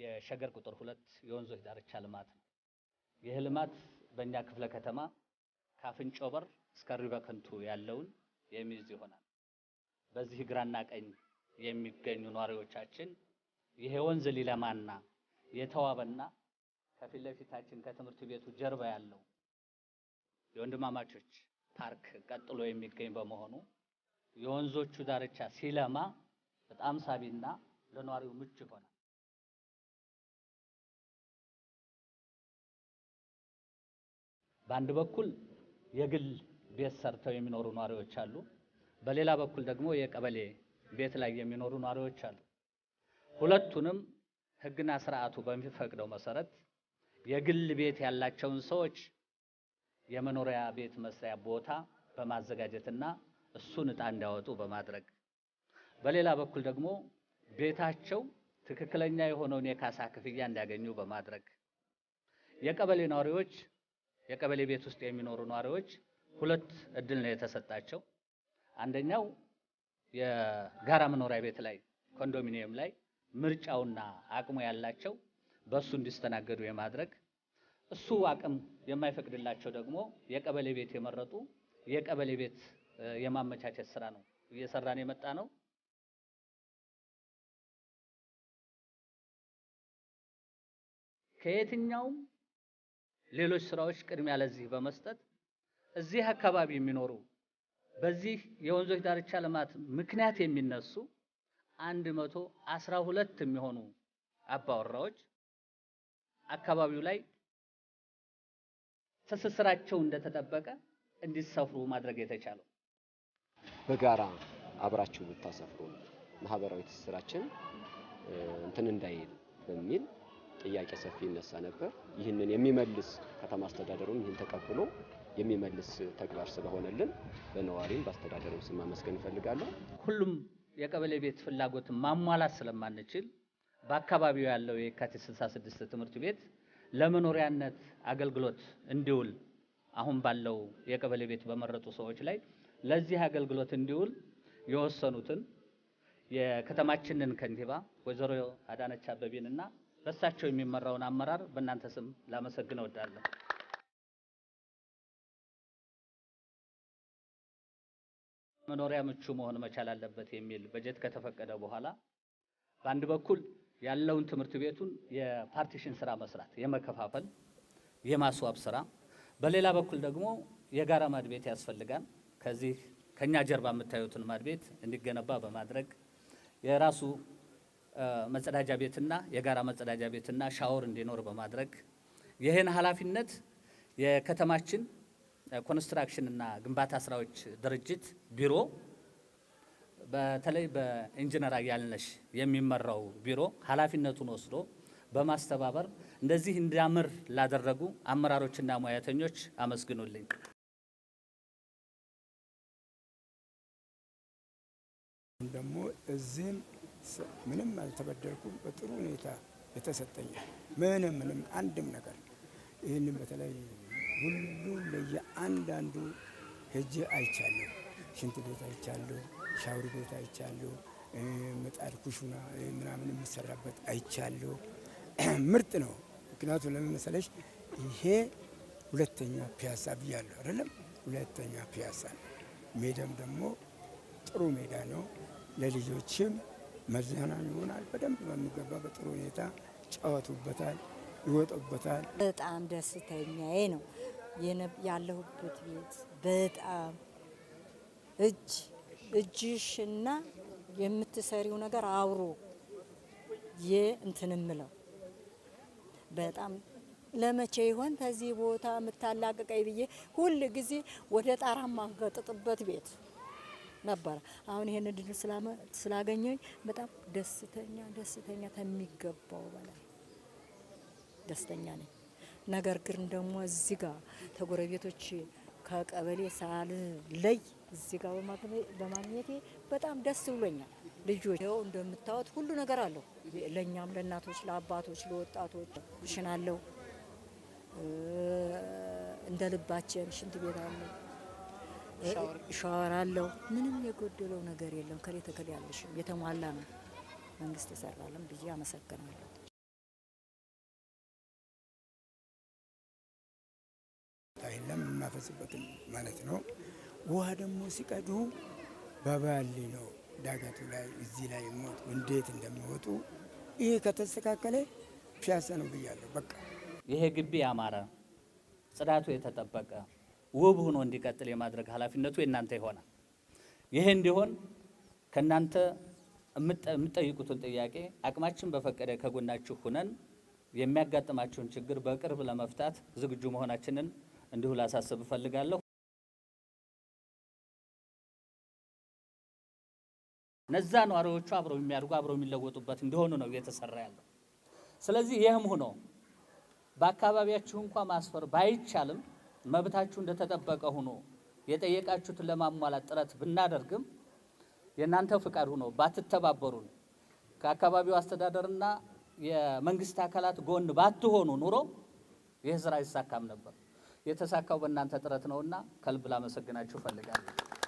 የሸገር ቁጥር ሁለት የወንዞች ዳርቻ ልማት ነው። ይህ ልማት በእኛ ክፍለ ከተማ ከአፍንጮ በር እስከ ሪበከንቱ ያለውን የሚይዝ ይሆናል። በዚህ ግራና ቀኝ የሚገኙ ነዋሪዎቻችን ይሄ ወንዝ ሊለማና የተዋበና ከፊት ለፊታችን ከትምህርት ቤቱ ጀርባ ያለው የወንድማማቾች ፓርክ ቀጥሎ የሚገኝ በመሆኑ የወንዞቹ ዳርቻ ሲለማ በጣም ሳቢና ለነዋሪው ምቹ ይሆናል። በአንድ በኩል የግል ቤት ሰርተው የሚኖሩ ነዋሪዎች አሉ። በሌላ በኩል ደግሞ የቀበሌ ቤት ላይ የሚኖሩ ነዋሪዎች አሉ። ሁለቱንም ሕግና ስርዓቱ በሚፈቅደው መሰረት የግል ቤት ያላቸውን ሰዎች የመኖሪያ ቤት መስሪያ ቦታ በማዘጋጀትና እሱን እጣ እንዲያወጡ በማድረግ በሌላ በኩል ደግሞ ቤታቸው ትክክለኛ የሆነውን የካሳ ክፍያ እንዲያገኙ በማድረግ የቀበሌ ነዋሪዎች የቀበሌ ቤት ውስጥ የሚኖሩ ነዋሪዎች ሁለት እድል ነው የተሰጣቸው። አንደኛው የጋራ መኖሪያ ቤት ላይ ኮንዶሚኒየም ላይ ምርጫውና አቅሙ ያላቸው በሱ እንዲስተናገዱ የማድረግ እሱ አቅም የማይፈቅድላቸው ደግሞ የቀበሌ ቤት የመረጡ የቀበሌ ቤት የማመቻቸት ስራ ነው እየሰራን የመጣ ነው። ከየትኛውም ሌሎች ስራዎች ቅድሚያ ለዚህ በመስጠት እዚህ አካባቢ የሚኖሩ በዚህ የወንዞች ዳርቻ ልማት ምክንያት የሚነሱ አንድ መቶ አስራ ሁለት የሚሆኑ አባወራዎች አካባቢው ላይ ትስስራቸው እንደተጠበቀ እንዲሰፍሩ ማድረግ የተቻለው በጋራ አብራችሁ ብታሰፍሩ ማህበራዊ ትስስራችን እንትን እንዳይል በሚል ጥያቄ ሰፊ ይነሳ ነበር። ይህንን የሚመልስ ከተማ አስተዳደሩም ይህን ተቀብሎ የሚመልስ ተግባር ስለሆነልን በነዋሪም በአስተዳደርም ስም ማመስገን እፈልጋለሁ። ሁሉም የቀበሌ ቤት ፍላጎትን ማሟላት ስለማንችል በአካባቢው ያለው የካቲት 66 ትምህርት ቤት ለመኖሪያነት አገልግሎት እንዲውል አሁን ባለው የቀበሌ ቤት በመረጡ ሰዎች ላይ ለዚህ አገልግሎት እንዲውል የወሰኑትን የከተማችንን ከንቲባ ወይዘሮ አዳነች አበቤንና በእሳቸው የሚመራውን አመራር በእናንተ ስም ላመሰግን እወዳለሁ። መኖሪያ ምቹ መሆን መቻል አለበት የሚል በጀት ከተፈቀደ በኋላ በአንድ በኩል ያለውን ትምህርት ቤቱን የፓርቲሽን ስራ መስራት፣ የመከፋፈል የማስዋብ ስራ፣ በሌላ በኩል ደግሞ የጋራ ማድቤት ያስፈልጋል። ከዚህ ከኛ ጀርባ የምታዩትን ማድቤት እንዲገነባ በማድረግ የራሱ መጸዳጃ ቤትና የጋራ መጸዳጃ ቤትና ሻወር እንዲኖር በማድረግ ይህን ኃላፊነት የከተማችን ኮንስትራክሽንና ግንባታ ስራዎች ድርጅት ቢሮ በተለይ በኢንጂነር አያልነሽ የሚመራው ቢሮ ኃላፊነቱን ወስዶ በማስተባበር እንደዚህ እንዲያምር ላደረጉ አመራሮችና ሙያተኞች አመስግኑልኝ። ደግሞ እዚህም ምንም አልተበደልኩም። በጥሩ ሁኔታ የተሰጠኝ ምንም ምንም አንድም ነገር ይህንም በተለይ ሁሉም ለየአንዳንዱ ሄጄ አይቻለሁ። ሽንት ቤት አይቻለሁ፣ ሻውር ቤት አይቻለሁ፣ ምጣድ ኩሽና ምናምን የሚሰራበት አይቻለሁ። ምርጥ ነው። ምክንያቱም ለምን መሰለሽ ይሄ ሁለተኛ ፒያሳ ብያለሁ አይደለም? ሁለተኛ ፒያሳ ነው። ሜዳም ደግሞ ጥሩ ሜዳ ነው ለልጆችም መዝናኛም ይሆናል። በደንብ በሚገባ በጥሩ ሁኔታ ጫወቱበታል፣ ይወጡበታል። በጣም ደስተኛዬ ነው ያለሁበት ቤት በጣም እጅ እጅሽና የምትሰሪው ነገር አብሮ የእንትን ምለው በጣም ለመቼ ይሆን ከዚህ ቦታ የምታላቅቀኝ ብዬ ሁል ጊዜ ወደ ጣራ ማገጥጥበት ቤት ነበረ። አሁን ይሄን እድል ስላገኘኝ በጣም ደስተኛ ደስተኛ ከሚገባው በላይ ደስተኛ ነኝ። ነገር ግን ደግሞ እዚህ ጋር ተጎረቤቶች ከቀበሌ ሳልለይ እዚህ ጋር በማግኘቴ በጣም ደስ ብሎኛል። ልጆች ይኸው እንደምታዩት ሁሉ ነገር አለው። ለእኛም ለእናቶች፣ ለአባቶች፣ ለወጣቶች ሽናለው እንደ ልባችን ሽንት ቤት አለው። ሻወር አለው። ምንም የጎደለው ነገር የለም። ከሌ ተከል ያለሽም የተሟላ ነው። መንግስት ይሰራልን ብዬ አመሰግናለሁ። ታይለም የምናፈስበትም ማለት ነው። ውሃ ደግሞ ሲቀዱ በባሊ ነው ዳገቱ ላይ እዚህ ላይ ሞት እንዴት እንደሚወጡ ይህ ከተስተካከለ ፒያሳ ነው ብያለሁ። በቃ ይሄ ግቢ ያማረ ጽዳቱ የተጠበቀ ውብ ሆኖ እንዲቀጥል የማድረግ ኃላፊነቱ የእናንተ ይሆናል። ይሄ እንዲሆን ከእናንተ የምትጠይቁትን ጥያቄ አቅማችን በፈቀደ ከጎናችሁ ሁነን የሚያጋጥማችሁን ችግር በቅርብ ለመፍታት ዝግጁ መሆናችንን እንዲሁ ላሳስብ እፈልጋለሁ። ነዛ ነዋሪዎቹ አብረው የሚያድጉ አብረው የሚለወጡበት እንዲሆኑ ነው እየተሰራ ያለው። ስለዚህ ይህም ሆኖ በአካባቢያችሁ እንኳ ማስፈር ባይቻልም መብታችሁ እንደተጠበቀ ሆኖ የጠየቃችሁትን ለማሟላት ጥረት ብናደርግም የእናንተ ፍቃድ ሆኖ ባትተባበሩን ከአካባቢው አስተዳደርና የመንግስት አካላት ጎን ባትሆኑ ኑሮ ይህ ስራ አይሳካም ነበር። የተሳካው በእናንተ ጥረት ነውና ከልብ ላመሰግናችሁ እፈልጋለሁ።